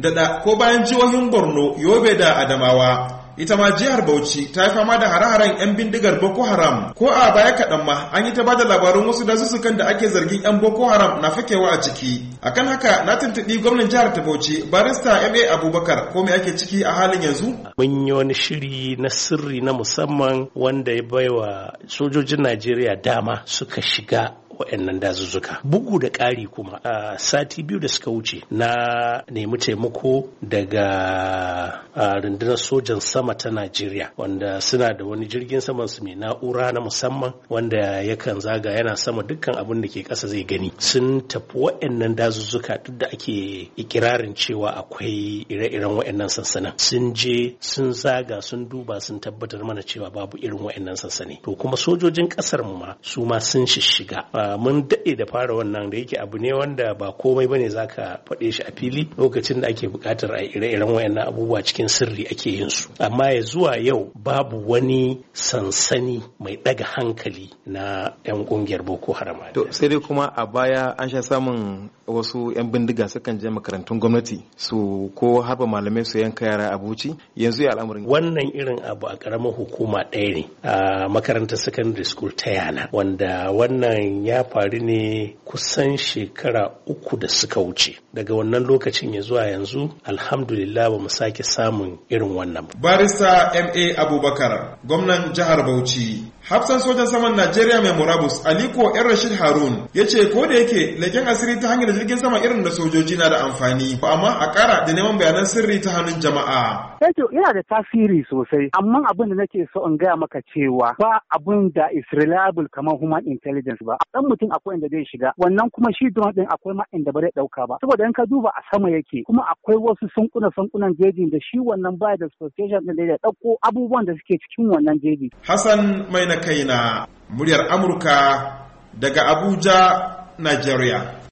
daɗa ko bayan jihohin borno yobe da adamawa ita ma jihar Bauchi ta yi fama da hare-haren 'yan bindigar Boko Haram ko a baya kaɗan ma an yi ta bada labarun wasu dazuzzukan da ake zargin 'yan Boko Haram na fakewa a ciki. Akan haka na tuntuɓi gwamnan jihar ta Bauchi barista MA Abubakar ko me ake ciki a halin yanzu? Mun yi wani shiri na sirri na musamman wanda ya baiwa sojojin Najeriya dama suka shiga waɗannan dazuzzuka bugu da ƙari kuma a sati biyu da suka wuce na nemi taimako daga rundunar sojan sama ta najeriya wanda suna da wani jirgin saman su mai na'ura na musamman wanda yakan zaga yana sama dukkan abin da ke ƙasa zai gani sun tafi waɗannan dazuzzuka duk da ake ikirarin cewa akwai ire-iren waɗannan sansanin sun je sun zaga sun duba sun tabbatar mana cewa babu irin waɗannan sansani to kuma sojojin ƙasar mu ma su ma sun shishiga mun daɗe da fara wannan da yake abu ne wanda ba komai bane zaka faɗe shi a fili lokacin da ake buƙatar a ire-iren wayannan abubuwa cikin sirri ake yin su amma ya zuwa yau babu wani sansani mai ɗaga hankali na 'yan ƙungiyar boko haram to sai dai kuma a baya an sha samun wasu 'yan bindiga sukan je makarantun gwamnati su ko harba malamai su yanka yara a buci yanzu ya al'amarin wannan irin abu a ƙaramar hukuma ɗaya ne a makarantar secondary school ta yana wanda wannan ya ya faru ne kusan shekara uku da suka wuce daga wannan lokacin ya zuwa yanzu alhamdulillah ba mu sake samun irin wannan barista ma abubakar gwamnan jihar bauchi hafsan sojan saman najeriya mai murabus aliko yan rashid harun ya ce ko da yake leken asiri ta hanyar jirgin sama irin na sojoji na da amfani ba amma a kara da neman bayanan sirri ta hannun jama'a eh yana da tasiri sosai amma abin da nake so in gaya maka cewa ba abin da is reliable kamar human intelligence ba mutum akwai inda zai shiga wannan kuma shi drone din akwai ma inda ba zai dauka ba saboda in ka duba a sama yake kuma akwai wasu sunkuna sunkunan jejin da shi wannan baya da association din da ya dauko abubuwan da suke cikin wannan jeji Hassan mai na kaina muryar Amurka daga Abuja Nigeria